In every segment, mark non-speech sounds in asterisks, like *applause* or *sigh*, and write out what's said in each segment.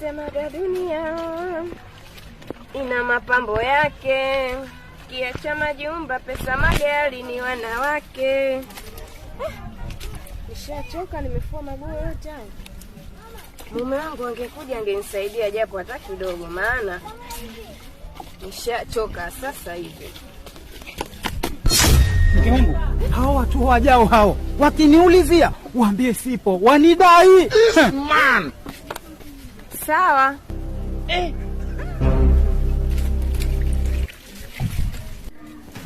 Wanasemaga dunia ina mapambo yake, kiacha majumba, pesa, magari ni wanawake. Eh, nishachoka, nimefua maguo yote Mume wangu angekuja angenisaidia japo hata kidogo, maana nishachoka sasa hivi. Mke hao watu wajao hao wakiniulizia, waambie sipo, wanidai man Sawa. Eh.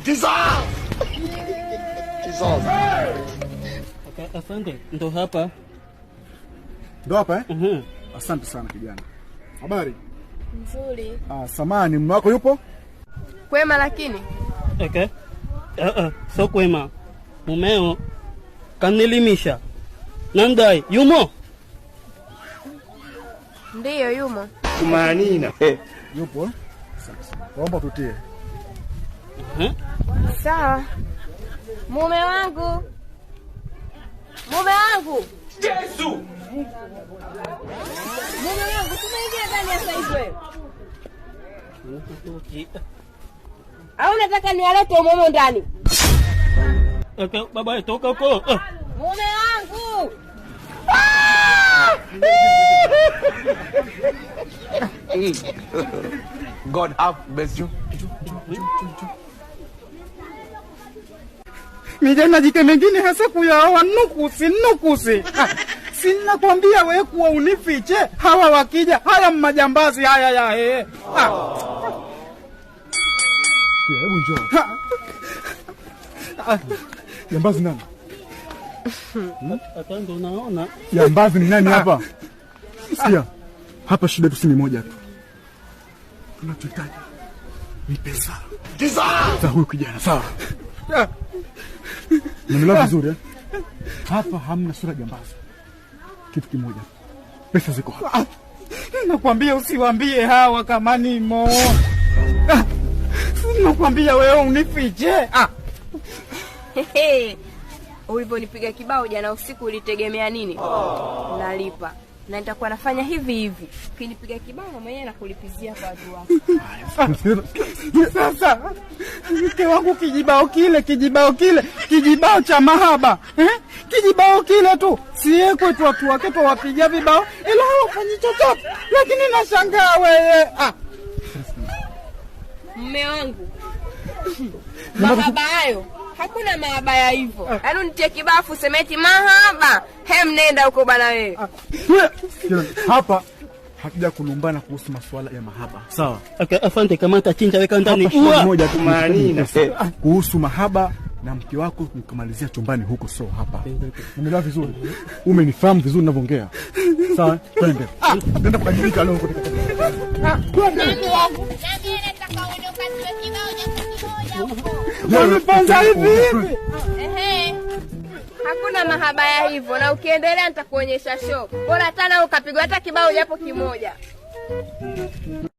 Dissolve! Dissolve. Okay, asante. Ndo hapa. Ndo hapa eh? Mhm. Mm asante sana kijana. Habari? Nzuri. Ah, samani mume wako yupo? Kwema lakini. Okay. Uh -uh, so kwema. Mumeo kanilimisha. Nandai yumo? Ndiyo, yumo Kumaanina eh. Yupo. Sasa waomba tutie. Mhm. Sawa, mume wangu, mume wangu Yesu, mume wangu, tumeingia ndani ya saizi wewe au nataka nialete umomo ndani? Baba, toka huko mume *laughs* God have bless you. Mijana jike mengine hasa kuyaoa nukusi nukusi. *laughs* Ah, Sina kwambia we kuwa unifiche hawa wakija haya majambazi haya ya he. Ah. Hebu njoo. Ah. Jambazi nani? *laughs* Hmm? Hata ndo unaona. Jambazi ni nani hapa? Sikia. Hapa shida tu si moja tu. Tunachohitaji ni pesa. za huyu kijana, sawa? Nimeelewa vizuri eh? Hapa hamna sura jambazi, kitu kimoja, pesa ziko hapa. Ah, nakwambia usiwambie hawa kama nimo. Ah, nakwambia wewe unifiche. Ah. Ulivyonipiga kibao jana usiku ulitegemea nini? Oh. Nalipa na nitakuwa nafanya hivi hivi. Ukinipiga kibao, mama yeye anakulipizia kwa watu wako. Sasa mke wangu, kijibao kile, kijibao kile, kijibao cha mahaba eh? kijibao kile tu sie kwetu watu wake twawapiga vibao, ila hawafanyi chochote, lakini nashangaa wewe ah. Mme wangu mahaba hayo Hakuna maabaya hivyo. Yaani unitie kibafu semeti mahaba. Hem, nenda huko bana wewe. Ah, hapa hatuja kulumbana kuhusu masuala ya mahaba. Sawa. Okay, afante kamata chinja weka ndani. Moja kuhusu mahaba na mke wako nikamalizia chumbani huko, so hapa. Umeelewa vizuri? Umenifahamu vizuri ninavyoongea? Sawa, twende. Nenda ah! kukajibika leo. Ah! hakuna mahabaya hivyo, na ukiendelea nitakuonyesha show. Bora tana ukapigwa hata kibao japo kimoja.